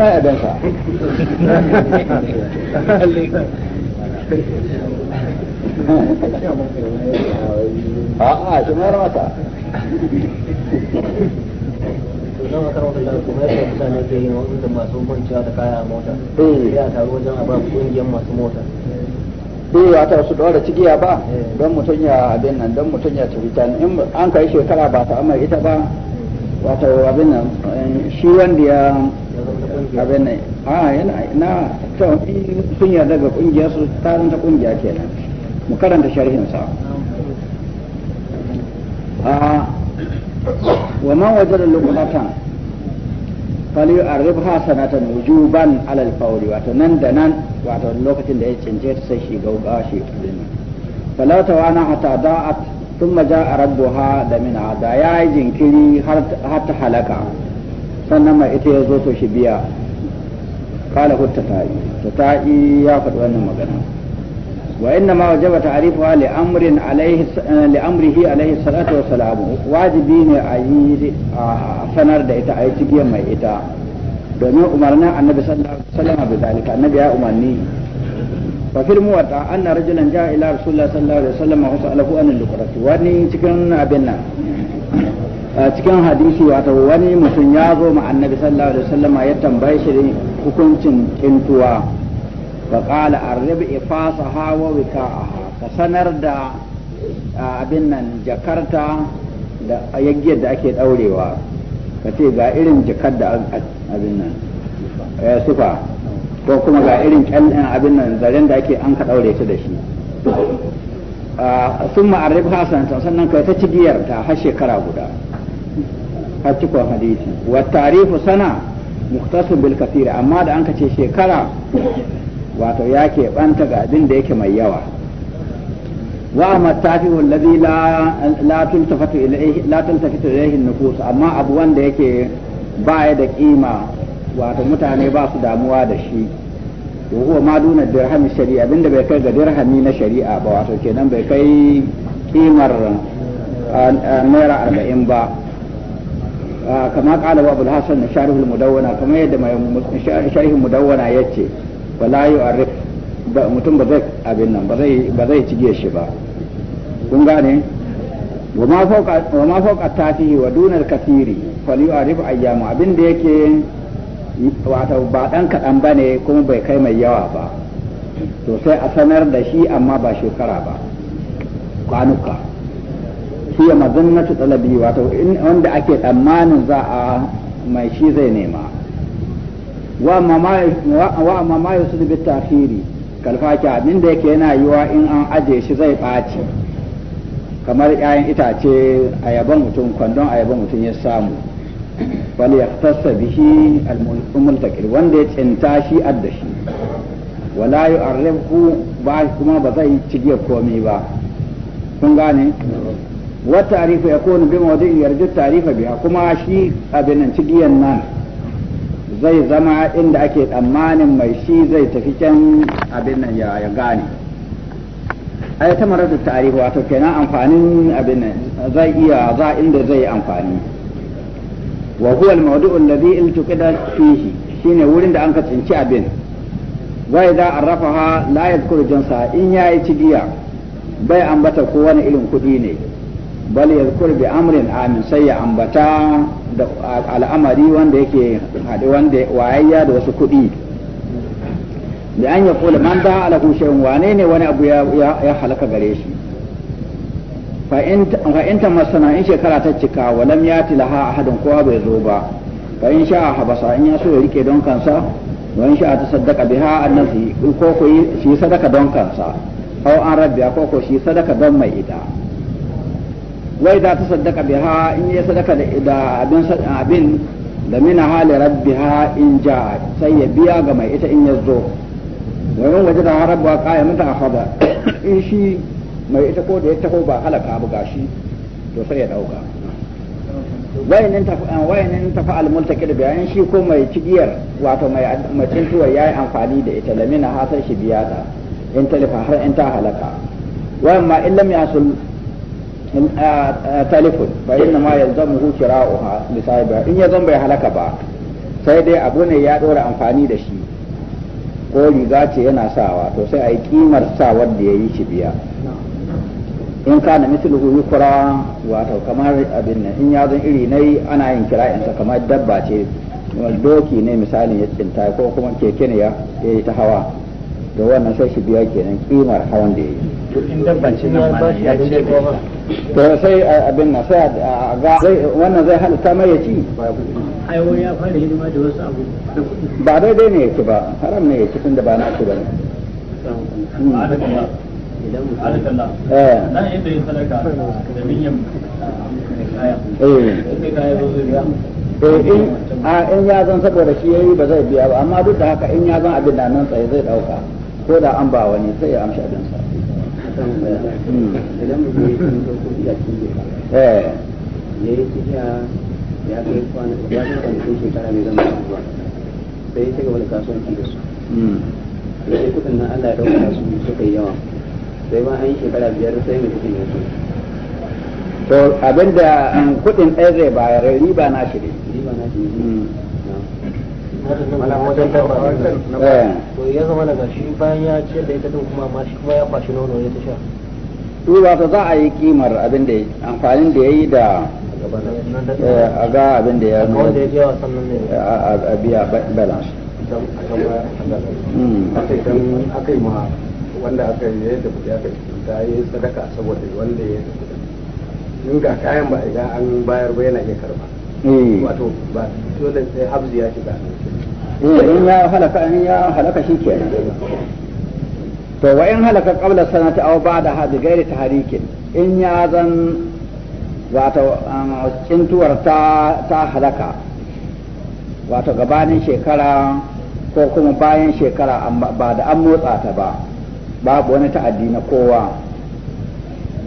Speaker 1: mata kuma yadda mutane ke yin masu kwanciya da kaya a mota eh. sai taru wajen a ba kungiyar masu mota bai ta su dora cigiya ba eh. don mutum ya abin nan don mutum ya tafi ta in an kai shekara ba ta amma ita ba wata abin nan eh, shi wanda ya abin nan a yana na to sun ya daga kungiyar su tarin ta kungiya kenan mu karanta sharhin sa a wa man wajen lokacin fali arribha sanatan wujuban alal fawri wato nan da nan wato lokacin da ya cince ta sai shi gauga shi kudin fala tawana hatta da'at thumma ja'a rabbuha da min ada ya jinkiri har ta halaka sannan ma ita ya zo to shi biya kala hutta ta'i ta ta'i ya faɗi wannan magana وإنما وجب تعريفها لأمر عليه لأمره عليه الصلاة والسلام واجبين أي سنر دايتا أي تجي ما إتا domin umarna annabi sallallahu alaihi wasallam bi zalika annabi ya umarni fa fil muwatta anna rajulan jaa ila rasulillah sallallahu alaihi wasallam wa sa'alahu an al-qurati wani cikin abin nan cikin hadisi wato wani mutum ya zo ma annabi sallallahu alaihi wasallam ya tambaye shi hukuncin kintuwa فقال الربع فاسها ووكاءها فسنر دا abin nan jakarta da yaggiyar da ake daurewa ka ce ga irin jakar da abin nan ya sufa ko kuma ga irin kyallin abin nan zaren da ake an ka daure su da shi sun ma'arrib hasan sannan kai ta cigiyar ta har shekara guda har cikon hadisi wa tarifu sana muktasu bil kafira amma da an ka ce shekara wato ya keɓanta ga abin da yake mai yawa wa matafihu alladhi la la tultafatu ilayhi la tultafitu ilayhi nufus amma abu wanda yake baya da kima wato mutane ba su damuwa da shi wa huwa ma duna dirhami shari'a abinda bai kai ga dirhami na shari'a ba wato kenan bai kai kimar naira arba'in ba kama kala wa abul hasan sharihul mudawwana kamar yadda mai sharihul mudawwana yace wala yu'arif mutum ba zai abin nan ba zai cige shi ba kun gane wa ma fawqa ta fi wa dunar wa duna al-kathiri fal yu'arif ayyamu abin da yake wata ba dan ba bane kuma bai kai mai yawa ba to sai a sanar da shi amma ba shekara ba kwanuka shi ya na talabi wata wanda ake tsammanin za a mai shi zai nema wa amma ma yusu bi ta'khiri kalfaki abin da yake yana yiwa in an aje shi zai ɓaci kamar 'ya'yan itace yaban mutum kwandon yaban mutum ya samu bal yaktasa bihi al-multaqil wanda ya cinta shi adda shi wala yu'arrifu ba kuma ba zai cigiyar komai ba kun gane tarifa ya kone bi mawdi'in yarju ta'rifa biya kuma shi abinan nan cigiyan nan zai zama inda ake tsammanin mai shi zai tafi can abin nan ya gane ai ta marar tarihi wato kenan amfanin abin nan zai iya za inda zai amfani wa huwa al-mawdu'u alladhi iltuqida fihi shine wurin da an ka tsinci abin wai za a rafa la yadhkuru jinsa in yayi cigiya bai ambata ko wani irin kuɗi ne bal yadhkuru bi amrin amin sai ya ambata da al'amari wanda yake haɗe wanda wayayya da wasu kuɗi da an ya kula man da ala shay'un wane ne wani abu ya halaka gare shi fa in ta masana in shekara ta cika walam ya tilaha ahadin kowa bai zo ba fa in sha habasa in ya so ya rike don kansa wa in sha ta saddaka biha annasi ko ko shi sadaka don kansa aw an rabbiya ko ko shi sadaka don mai ita wai da ta saddaka biha in ya sadaka da abin abin da mina hali rabbiha in ja sai ya biya ga mai ita in ya zo wani waje da rabba kaya mata ahaba (coughs) in shi mai ita ko da ya taho ba halaka ba gashi to sai ya dauka wayannin tafi ta eh, tafi almultaqid biya in shi ko mai cigiyar wato mai macin tuwa yayi amfani da ita lamina hasar shi biya ta in talifa har in ta halaka wa amma in lam yasul telefon fa inna ma yalzamuhu shira'uha misali ba in ya zan bai halaka ba sai dai abu ne ya dora amfani da shi ko riga ce yana sawa to sai a yi kimar sawar da ya yi shi biya in ka na misluhu kura wato kamar abin nan in ya zan iri na yi ana yin kira yansa kamar dabba ce doki ne misalin ya tsinta ko kuma keke ne ya yi ta hawa da wannan sai shi biya kenan kimar hawan da ya yi in dabbanci nan ma ya ce to sai abin na sai a ga wannan zai halitta mai ya ci ai wani ya fara hidima da wasu abu ba daidai ne ci ba haram ne ya tunda ba na hmm.
Speaker 3: eh. ya sadaka da minyan kaya eh kaya zo
Speaker 1: in ya zan saboda shi yayi ba zai biya ba amma duk da haka in ya zan abin da nan tsaye zai ɗauka. ko da an ba wani sai ya amshi abin sa eh
Speaker 3: ya kai kwana ya kai kwanakin shekara mai zama zuwa
Speaker 1: sai ya ci gaba kasuwanci da su
Speaker 3: da hmm.
Speaker 1: sai kudin nan Allah ya dauka su suka yi yawa sai ba an yi shekara biyar sai mai kudin ya to abinda um, kudin ɗaya zai bayar riba na shi ne riba na shi ne hmm. Eh. to ya zama daga shi bayan ya ce da ita din kuma ma shi kuma ya kwashi nono ya ta sha to ba za a yi kimar abin da amfanin da ya yi da
Speaker 3: eh,
Speaker 2: a ga abin da ya nuna eh, a biya balance hmm. aka yi ma wanda aka yi yadda kudi aka ta yi sadaka saboda wanda ya yi kudi in ga kayan ba a ga an bayar ba yana iya karba Eh. wato ba dole sai habzi ya shiga eh
Speaker 3: in
Speaker 1: ya halaka in ya halaka shi to wa in halaka qabla sanati aw ba'da hadhi ghairi tahrikin in ya zan wato cintuwar um, ta ta halaka wato gabanin shekara ko kuma bayan shekara ba da an motsa ta ba babu wani ta'addi na kowa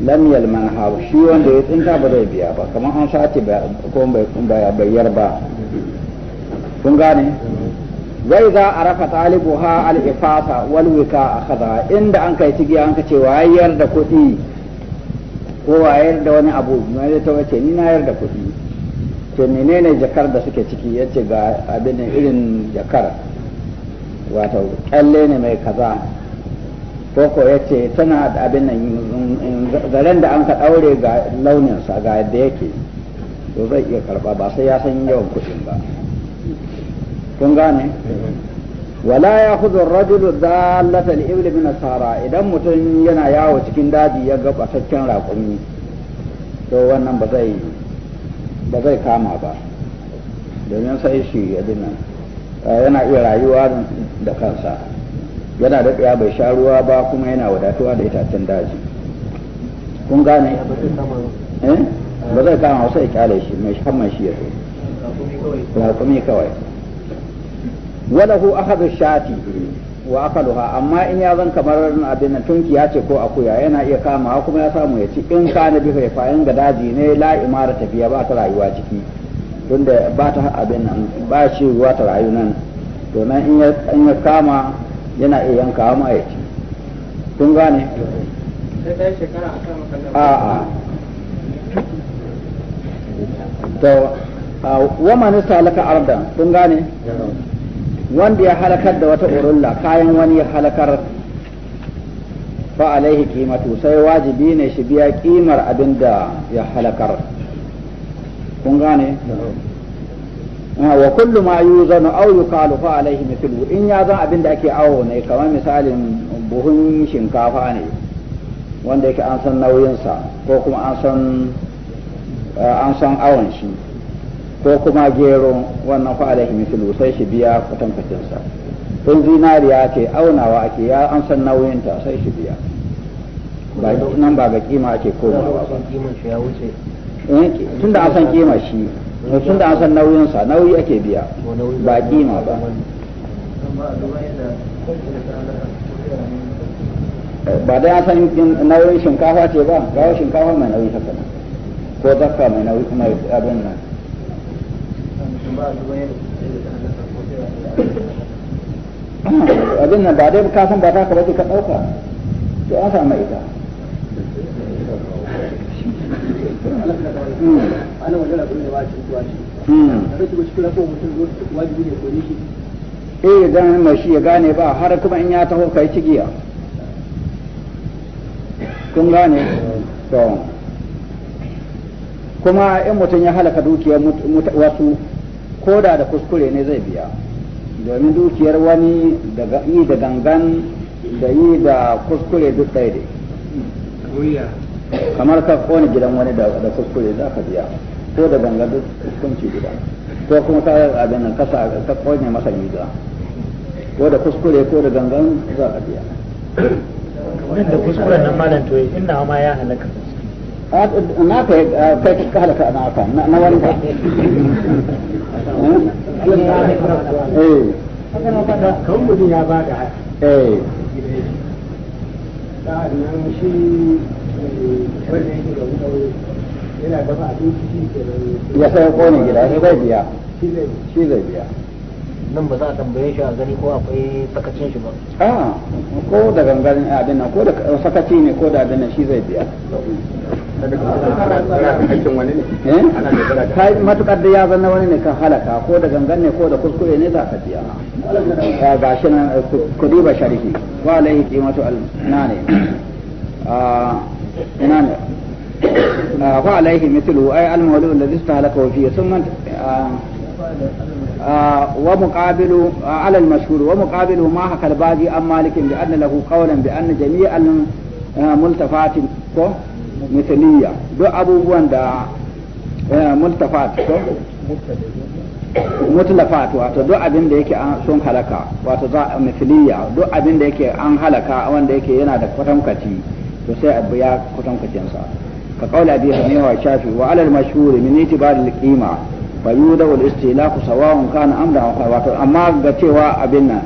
Speaker 1: lam yalman ha shi wanda ya tsinta ba zai biya ba kamar an sace ko bayar ba kun gane wai za a rafa talibu ha al al-ifasa walwika a kaza inda an kai tigiya an kace wayar da kuɗi ko wayar da wani abu wani ta wace ni na yar da kuɗi ce menene jakar da suke ciki ya ga abin irin jakar wato kalle ne mai kaza koko ya ce tana da abin nan zaren da an ka ɗaure ga launinsa ga yadda yake to zai iya karɓa ba sai ya san yawan kuɗin ba kun gane wala ya hudu rajulu dallata al-ibli min sara idan mutum yana yawo cikin daji ya ga basakken raƙumi to wannan ba zai kama ba domin sai shi ya nan yana iya rayuwa da kansa yana da tsaya bai sha ruwa ba kuma yana wadatuwa da itacen daji kun gane eh? ba zai kama wasu ya kyale shi mai hamman shi ya zo raƙumi kawai walahu akhadhu shati wa akaluha amma in ya zan kamar abin nan tunki ya ce ko akuya yana iya kama kuma ya samu ya ci in kana bi fa in ga daji ne la imara tafiya ba ta rayuwa ciki tunda ba ta abin nan ba shi ruwa ta rayu nan to nan in ya kama yana iya yankawa ma ya ci kun gane a'a to wa manista laka arda kun gane wanda ya halakar da wata urulla kayan wani ya halakar fa alaihi kimatu sai wajibi ne shi biya kimar abin da ya halakar kun gane Ah, wa kullu ma yuzanu aw yuqalu fa alaihi mithlu in ya zan abin da ake awo ne kamar misalin buhun shinkafa ne wanda yake an san nauyinsa ko kuma an san eh, an san awon shi ko kuma gero wannan fa alaihi mithlu sai shi biya kutan sa tun zinariya ce aunawa ake ya an san nauyin ta sai shi biya ba nan ba ga kima ake komawa ba eh, tun da an san kima shi tun da san nauyinsa nauyi ake biya ba kima ba ba da ya san nauyin shinkafa ce ba gawo shinkafa mai nauyi haka nan ko zakka mai nauyi mai abin nan abin nan ba dai ka san ba ta ka bace ka dauka to an samu ita E wajen shi ya gane ba har kuma in ya taho ka yi cigiya kun gane to kuma in mutum ya halaka dukiyar wasu ko da da kuskure ne zai biya domin dukiyar wani yi da gangan da yi da kuskure duk daidai. kamar ka kone gidan wani da da kuskure za ka biya ko da ganga duk hukunci gida ko kuma ka abin nan kasa ka kone masa gida ko da kuskure ko da gangan za ka biya
Speaker 2: wannan da kuskuren nan malam to inna ma ya halaka na kai kai ka halaka na ka
Speaker 1: na wani ka eh. eh. kan mutum ya bada eh
Speaker 3: sa'an shi
Speaker 1: ya sai kone gida ne bai biya shi zai biya nan ba za a tambaye shi a gani ko akwai sakacin shi ba a ko da gangan abin nan ko da sakaci ne ko da abin nan shi zai biya yi eh? matukar da ya zanna wani ne kan halaka ko da gangan ne ko da kuskure ne za ka biya ta eh, ga shi nan kudi ba sharhi ba laihi kimatu al-nani ah, ina ne ah, fa alaihi mithlu ay al mawlu alladhi istahlaka fi thumma ومقابل على المشهور ومقابل ما حكى الباجي عن مالك بأن له قولا بأن جميع الملتفات مثلية دو أبو دا ملتفات mutlafat wato duk abin yake an sun halaka wato za duk abin yake an halaka wanda yake yana da kwatankwaci to sai abu ya kutankucin sa ka kaula bi hanifa wa shafi wa alal mashhur min itibar al qima fa yuda al istilaku sawa'un kana amra wa wato amma ga cewa abin nan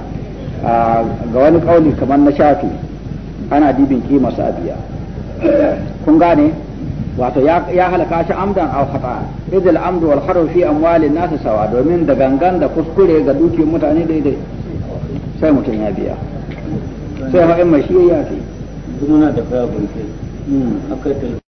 Speaker 1: ga wani kauli kamar na shafi ana dibin kima sa biya kun gane wato ya halaka shi amdan aw khata idal amdu wal kharu fi amwalin nas sawa domin da gangan da kuskure ga dukiyar mutane daidai sai mutum ya biya sai ma in mai shi ya fi kuma na
Speaker 3: tafiya gurfe